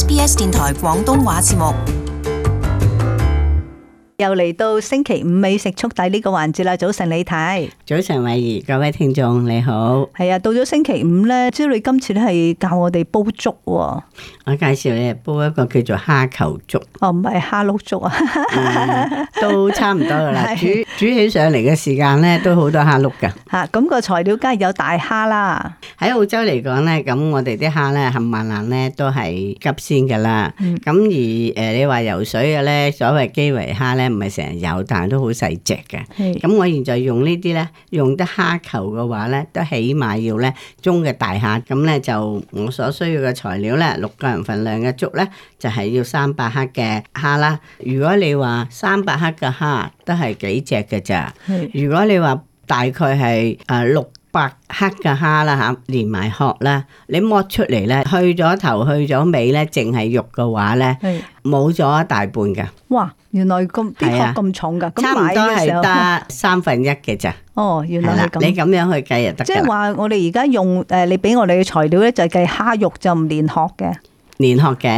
SBS 電台廣東話節目。又嚟到星期五美食速遞呢個環節啦！早晨李太，早晨偉兒，各位聽眾你好，係啊！到咗星期五呢，知你今次咧係教我哋煲粥。哦。我介紹你煲一個叫做蝦球粥，哦唔係蝦碌粥啊， 嗯、都差唔多噶啦。 是煮煮起上嚟嘅時間呢，都好多蝦碌噶。吓咁，啊那個材料梗係有大蝦啦。喺澳洲嚟講呢，咁我哋啲蝦呢，冚唪唥呢，都係急鮮噶啦。咁而誒，你話游水嘅呢，所謂基圍蝦呢。唔係成日有，但係都好細隻嘅。咁的我現在用呢啲呢，用得蝦球嘅話呢，都起碼要呢中嘅大蝦。咁呢，就我所需要嘅材料呢，六個人份量嘅粥呢，就係、是、要三百克嘅蝦啦。如果你話三百克嘅蝦都係幾隻嘅咋？的如果你話大概係誒六。白黑嘅蝦啦吓，連埋殼啦，你剝出嚟咧，去咗頭去咗尾咧，淨係肉嘅話咧，冇咗是一大半噶。哇，原來咁啲殼咁重噶，咁、啊、買嘅時候差唔多係得三分一嘅咋。哦，原來係咁。你咁樣去計就得。即係話我哋而家用誒，你俾我哋嘅材料咧，就係計蝦肉就唔連殼嘅。年學嘅，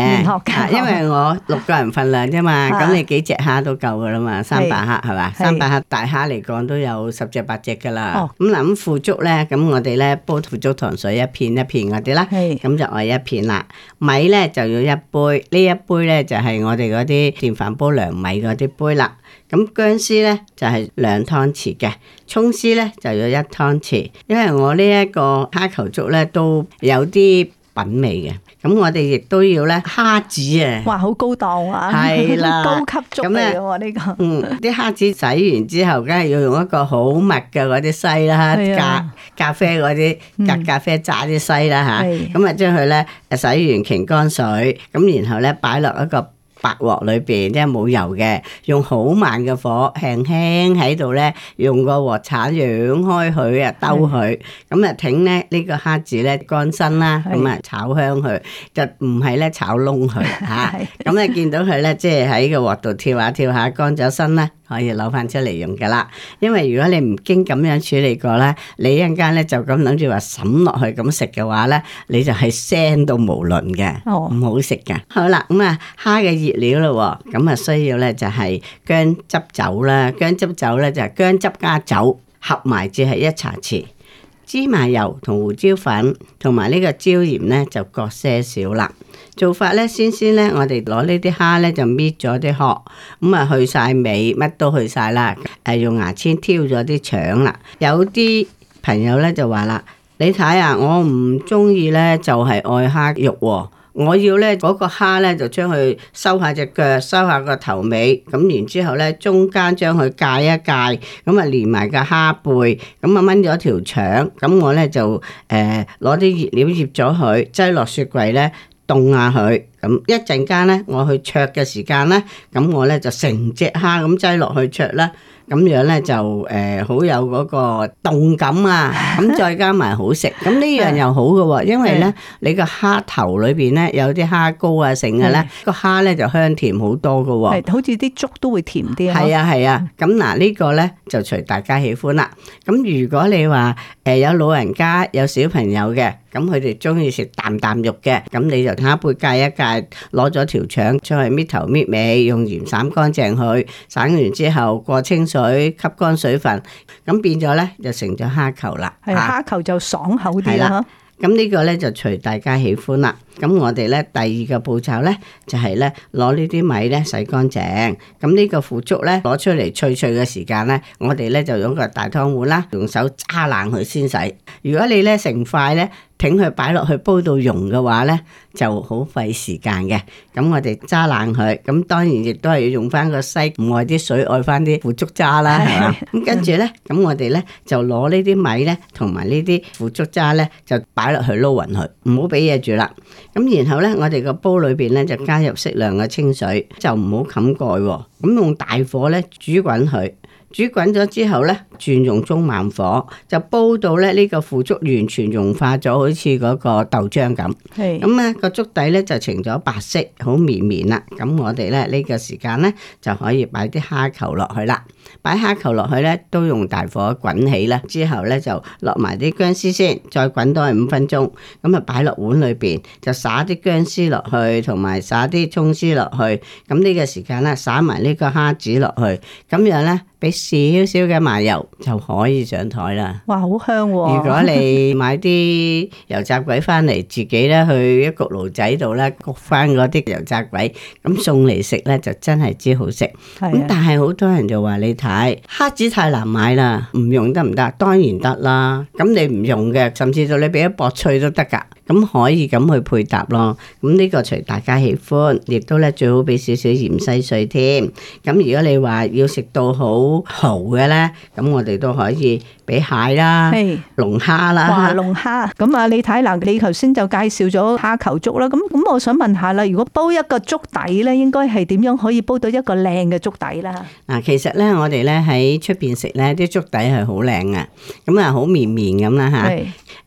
因為我六個人份量啫嘛，咁、啊、你幾隻蝦都夠噶啦嘛，三百克係嘛？三百克，是克大蝦嚟講都有十隻八隻噶啦。咁嗱、哦，咁腐竹呢，咁我哋呢煲腐竹糖水一片一片嗰啲啦，咁是就我一片啦。米呢就要一杯，呢一杯呢就係、是、我哋嗰啲電飯煲涼米嗰啲杯啦。咁薑絲呢就係、是、兩湯匙嘅，葱絲呢就要一湯匙，因為我呢一個蝦球粥呢都有啲品味嘅。咁我哋亦都要咧蝦子啊！哇的，好高檔啊！係啦，高級粥嚟喎呢個。嗯，啲蝦子洗完之後，梗係要用一個好密嘅嗰啲篩啦 的，咖咖啡嗰啲咖咖啡渣啲篩啦吓，咁的、嗯、啊，將佢咧洗完擎乾水，咁然後咧擺落一個。白鑊裏邊即係冇油嘅，用好慢嘅火，輕輕喺度咧，用個鑊鏟揚開佢啊，兜佢，咁啊挺咧呢個蝦子咧乾身啦，咁啊炒香佢，就唔係咧炒燶佢吓，咁咧見到佢咧即係喺個鑊度跳下跳下，乾咗身啦。可以攞返出嚟用嘅啦，因為如果你唔經咁樣處理過呢，你一陣間就咁諗住話瀨落去咁食嘅話呢，你就係腥到無倫嘅，唔、哦、好食嘅。好啦，咁、嗯、啊，蝦嘅熱料咯，咁啊需要咧就係薑汁酒啦，薑汁酒呢，就係薑汁加酒合埋只係一茶匙。芝麻油同胡椒粉同埋呢個椒鹽呢，就各些少啦。做法呢，先先呢，我哋攞呢啲蝦呢，就搣咗啲殼，咁啊去晒尾，乜都去晒啦。誒，用牙籤挑咗啲腸啦。有啲朋友呢，就話啦，你睇啊，我唔中意呢，就係愛蝦肉喎。我要咧嗰個蝦咧就將佢收下隻腳，收下個頭尾，咁然之後咧中間將佢界一界，咁啊連埋個蝦背，咁啊掹咗條腸，咁我咧就誒攞啲熱料醃咗佢，擠落雪櫃咧凍下佢，咁一陣間咧我去灼嘅時間咧，咁我咧就成隻蝦咁擠落去灼啦。咁樣咧就誒好有嗰個動感啊！咁再加埋好食，咁呢樣又好嘅，因為咧你個蝦頭裏邊咧有啲蝦膏啊剩嘅咧，個蝦咧就香甜好多嘅。係，好似啲粥都會甜啲。係啊係啊，咁嗱呢個咧就隨大家喜歡啦。咁如果你話誒有老人家有小朋友嘅，咁佢哋中意食啖啖肉嘅，咁你就蝦背 𠝹 一 𠝹，攞咗條腸出去搣頭搣尾，用鹽散乾淨佢，散完之後過清水。水吸乾水分，咁變咗咧，就成咗蝦球啦。係蝦球就爽口啲啦。咁呢個咧就隨大家喜歡啦。咁我哋咧第二個步驟咧就係咧攞呢啲米咧洗乾淨。咁呢個腐竹咧攞出嚟脆脆嘅時間咧，我哋咧就用個大湯碗啦，用手揸爛佢先洗。如果你咧成塊咧。挺佢擺落去煲到溶嘅話咧，就好費時間嘅。咁我哋揸爛佢，咁當然亦都係要用翻個西，唔愛啲水，愛翻啲腐竹渣啦。咁 跟住咧，咁我哋咧就攞呢啲米咧，同埋呢啲腐竹渣咧，就擺落去撈匀佢，唔好俾嘢住啦。咁然後咧，我哋個煲裏邊咧就加入適量嘅清水，就唔好冚蓋喎。咁用大火咧煮滾佢。煮滾咗之後咧，轉用中慢火就煲到咧呢個腐竹完全融化咗，好似嗰個豆漿咁。係咁呢個粥底咧就呈咗白色，好綿綿啦。咁我哋咧呢個時間咧就可以擺啲蝦球落去啦。擺蝦球落去咧都用大火滾起啦。之後咧就落埋啲薑絲先，再滾多五分鐘。咁啊擺落碗裏邊，就撒啲薑絲落去，同埋撒啲蔥絲落去。咁呢個時間咧撒埋呢個蝦子落去。咁樣咧。俾少少嘅麻油就可以上台啦。哇，好香啊！ 如果你買啲油炸鬼翻嚟，自己咧去焗爐仔度咧焗翻嗰啲油炸鬼，咁送嚟食咧就真係之好食。咁的但係好多人就話你睇黑子太難買啦，唔用得唔得？當然得啦。咁你唔用嘅，甚至到你俾一薄脆都得噶。咁可以咁去配搭咯，咁呢個隨大家喜歡，亦都咧最好俾少少芫茜碎添。咁如果你話要食到好豪嘅咧，咁我哋都可以俾蟹啦、龍蝦啦。哇，龍蝦！咁啊，你睇嗱，你頭先就介紹咗蝦球粥啦。咁咁，我想問下啦，如果煲一個粥底咧，應該係點樣可以煲到一個靚嘅粥底啦？嗱，其實咧，我哋咧喺出邊食咧，啲粥底係好靚嘅，咁啊好綿綿咁啦嚇。係。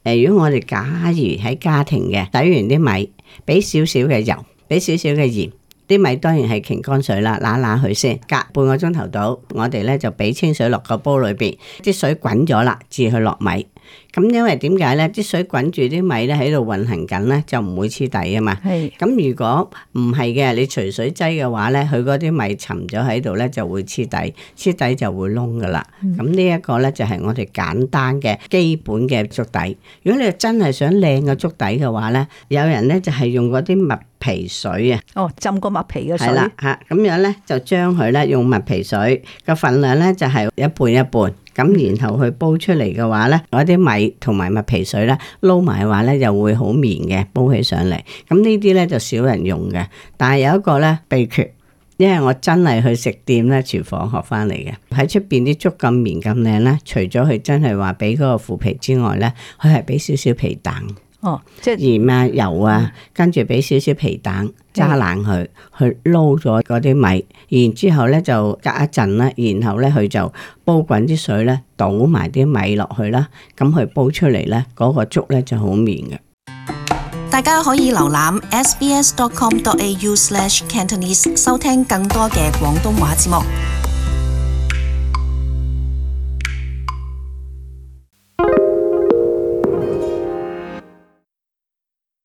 誒，如果我哋假如喺家家庭嘅洗完啲米，俾少少嘅油，俾少少嘅鹽，啲米當然係乾乾水啦，揦揦佢先，隔半個鐘頭到，我哋呢就俾清水落個煲裏面，啲水滾咗啦，至去落米。咁因為點解咧？啲水滾住啲米咧喺度運行緊咧，就唔會黐底啊嘛。咁是如果唔係嘅，你除水劑嘅話咧，佢嗰啲米沉咗喺度咧，就會黐底，黐底就會燶噶啦。咁呢一個咧就係我哋簡單嘅基本嘅粥底。如果你真係想靚嘅粥底嘅話咧，有人咧就係用嗰啲麥皮水啊。哦，浸過麥皮嘅水。係啦吓，咁樣咧就將佢咧用麥皮水嘅份量咧就係一半一半。咁然後去煲出嚟嘅話呢，嗰啲米同埋麥皮水咧，撈埋嘅話呢，又會好綿嘅，煲起上嚟。咁呢啲咧就少人用嘅，但係有一個咧秘訣，因為我真係去食店咧，廚房學翻嚟嘅。喺出面啲粥咁綿咁靚咧，除咗佢真係話俾嗰個腐皮之外呢，佢係俾少少皮蛋。哦，即係鹽啊、油啊，跟住俾少少皮蛋，揸、嗯、冷佢，去撈咗嗰啲米，然之後咧就隔一陣啦，然後咧佢就煲滾啲水咧，倒埋啲米落去啦，咁佢煲出嚟咧，嗰、嗰個粥咧就好綿嘅。大家可以瀏覽 SBS dot com dot au slash Cantonese 收聽更多嘅廣東話節目。